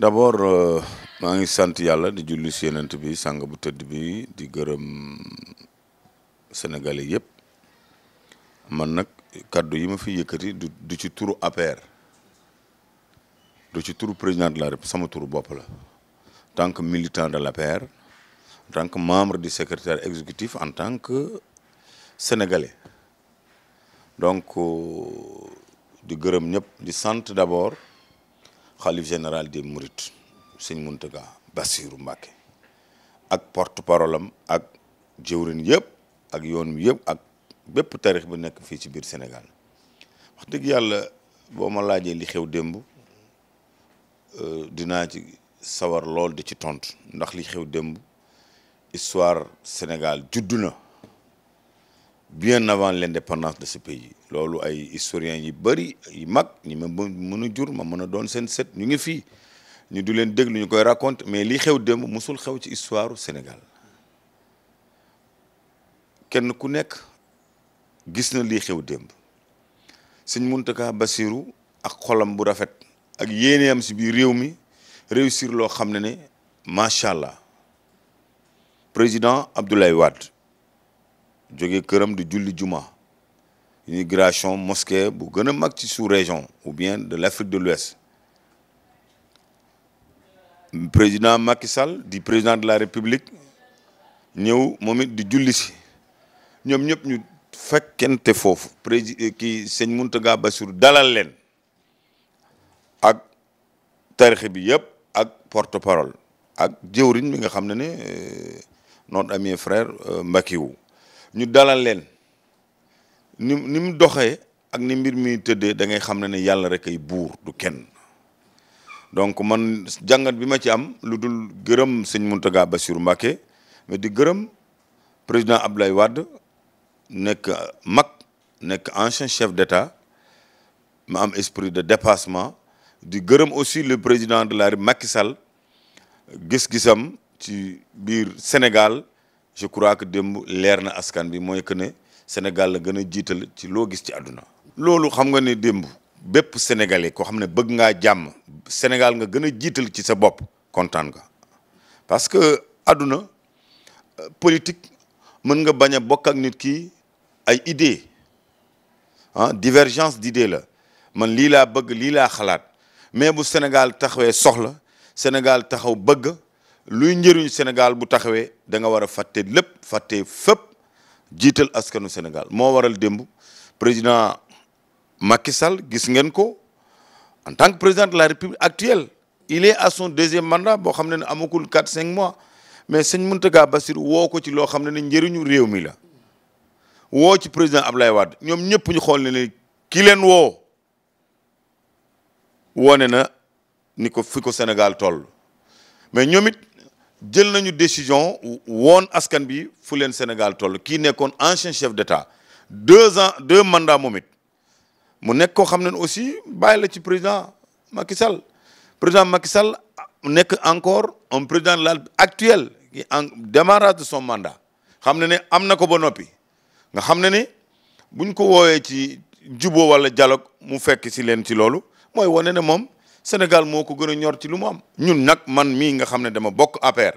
d'abord euh, maa ngi sant yàlla di julli si bi sàng bu tëdd bi di gërëm sénégalais yëpp man nag kaddu yi ma fi yëkkati du ci turu APR du ci turu président de la République sama turu bopp la tant que militant de la en tant que membre du secrétaire exécutif en tant que sénégalais donc euh, di gërëm ñëpp di sant d'abord xalif général des Mourides sëñ Mountaga Bassirou Mbacké ak porte parole ak jëwrin yépp ak yoon wi yëpp ak bépp tarix bi nekk fii ci biir Sénégal wax dëgg yàlla boo ma laajee li xew démb euh, dinaa ci sawar lool di ci tontu ndax li xew démb histoire Sénégal juddu na. bien avant l'indépendance de ce pays loolu ay historiens yi bëri yi mag ñi ma mën a jur ma mën a doon seen set ñu ngi fii ñu du leen déglu ñu koy raconte mais li xew démb mosul xew ci histoire Sénégal kenn ku nekk gis na lii xew démb sëñ Mountakha Bassirou ak xolam bu rafet ak am si biir réew mi réussir loo xam ne ne macha allah président Abdoulaye Wade jóge këram di julli juma immigration mosquée bu gën a mag ci sous région ou bien de l' Afrique de l'Ouest président Macky di président de la République ñëw moom it di julli si ñoom ñëpp ñu fekkente foofu président eh, kii sëñ Mountaga basur dalal leen ak tarix bi yëpp ak porte parole ak jëwriñ mi nga xam ne ne eh, notre ami frère euh, Mbakiwu ñu dalal leen ni ni mu doxee ak ni mbir mi tëddee da ngay xam ne ne yàlla rekk ay buur du kenn donc man jàngat bi ma ci am lu dul gërëm sëñ Mountaga Bassirou Mbacké ma di gërëm président Abdoulaye Wade nekk mag nekk ancien chef d'état ma am esprit de dépassement di gërëm aussi le président de la République Macky Sall gis-gisam ci biir Sénégal je crois que démb leer na askan bi mooy que ne Sénégal la gën a jiital ci loo gis ci àdduna. loolu xam nga ne démb bépp sénégalais koo xam ne bëgg ngaa jàmm Sénégal nga gën a jiital ci sa bopp kontaan nga parce que adduna euh, politique mën nga bañ a bokk ak nit ki ay idées ah divergence d'idées la man lii laa bëgg lii laa xalaat mais bu Sénégal taxawee soxla Sénégal taxaw bëgg. luy njëriñu Sénégal bu taxawee da nga war a fàtte lépp fàtte fépp jiital askanu Sénégal moo waral démb président Macky Sall gis ngeen ko en tant que président de la République actuelle il est à son deuxième mandat boo xam ne ne amagul quatre cinq mois mais sëñ Mountaga bassir woo ko ci loo xam ne ne njëriñu réew mi la woo ci président Ablaye Wade ñoom ñëpp ñu xool ne ne ki leen woo wone na ni ko fi Sénégal toll mais ñoom jël nañu décision woon askan bi fu leen Sénégal toll kii nekkoon ancien chef d'État deux ans deux mandats moom it mu nekk koo xam ne aussi bàyyi la ci président Macky Sall président Macky Sall nekk encore un président de l'al actuel qui en démarrage de son mandat xam ne ne am na ko ba noppi nga xam ne ne buñ ko woowee ci jubo wala dialogue mu fekk si leen ci loolu mooy wane ne moom Sénégal moo ko gën a ñor ci lu mu am ñun nag man mii nga xam ne dama bokk APR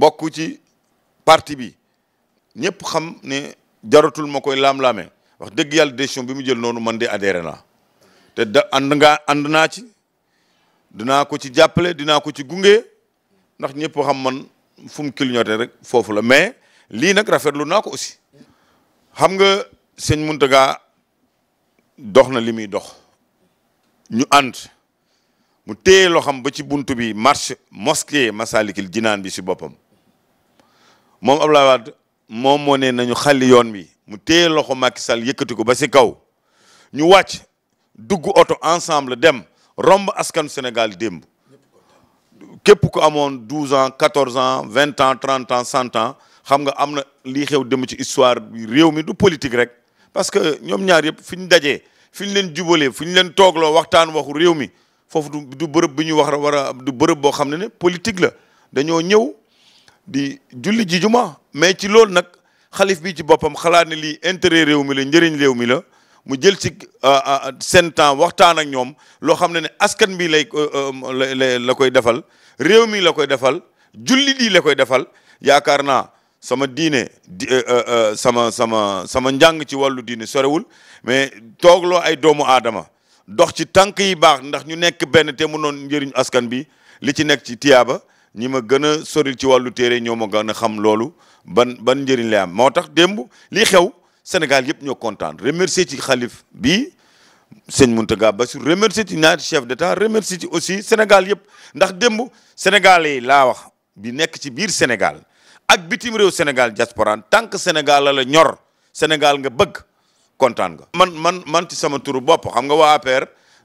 bokk ci parti bi ñëpp xam ne jaratul ma koy lam laamee wax dëgg yàlla décision bi mu jël noonu man de adhéré na te da ànd ngaa ànd naa ci dinaa ko ci jàppale dinaa ko ci gunge ndax ñëpp xam man fum mu clignoté rek foofu la mais lii nag rafetlu naa ko aussi xam nga sëñ Mountaga dox na li muy dox ñu ànd mu téye xam ba ci buntu bi marche mosquée Masalikul Jinaan bi si boppam moom Abdoulaye Wade moom moo ne nañu xalli yoon bi mu téye loxo Macky Sall yëkkati ko ba si kaw ñu wàcc dugg oto ensemble dem romb askanu Sénégal démb képp ku amoon douze ans quatorze ans vingt ans trente ans cent ans xam nga am na lii xew dem ci histoire bi réew mi du politique rek parce que ñoom ñaar yëpp fi ñu dajee fi ñu leen jubalee fu ñu leen toogloo waxtaan waxu réew mi foofu du du bërëb bi ñu wax war a du bërëb boo xam ne ne politique la dañoo ñëw di julli ji juma mais ci loolu nag xalif bi ci boppam xalaat ne lii intérêt réew mi la njëriñ réew mi la mu jël ci seen temps waxtaan ak ñoom loo xam ne ne askan bi lay euh, euh, la koy defal réew mi la koy defal julli di la koy defal yaakaar naa sama diine di euh, sama sama sama njàng ci wàllu diine sorewul mais toogloo ay doomu aadama dox ci tànk yi baax ndax ñu nekk benn te noonu njëriñu askan bi li ci nekk ci tiyaaba ñi ma gën a soril ci wàllu téere ñoo ma gën a xam loolu ban ban njëriñ lay am moo tax démb lii xew Sénégal yëpp ñoo kontaan remercier ci xalif bi sëñ Mountaga Bassirou remercier ci ñaari chef d'état remercier ci aussi Sénégal yëpp ndax démb Sénégal yi laa wax bi nekk ci biir Sénégal ak bitim réew Sénégal diaspora tant que Sénégal ñor Sénégal nga bëgg kontaan nga. man man man ci sama turu bopp xam nga waa APR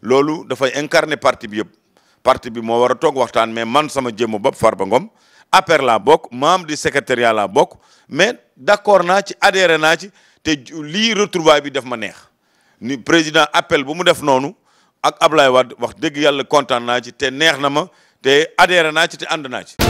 loolu dafay incarner parti bi yëpp parti bi moo war a toog waxtaan mais man sama jëmmu bopp far ba Ngom APR la bokk membre du secrétariat la bokk mais d'accord naa ci adhéré naa ci te lii retrouvaille bi def ma neex ni président appel bu mu def noonu ak Ablaye Wade wax dëgg yàlla kontaan naa ci te neex na ma te adhéré naa ci te ànd naa ci.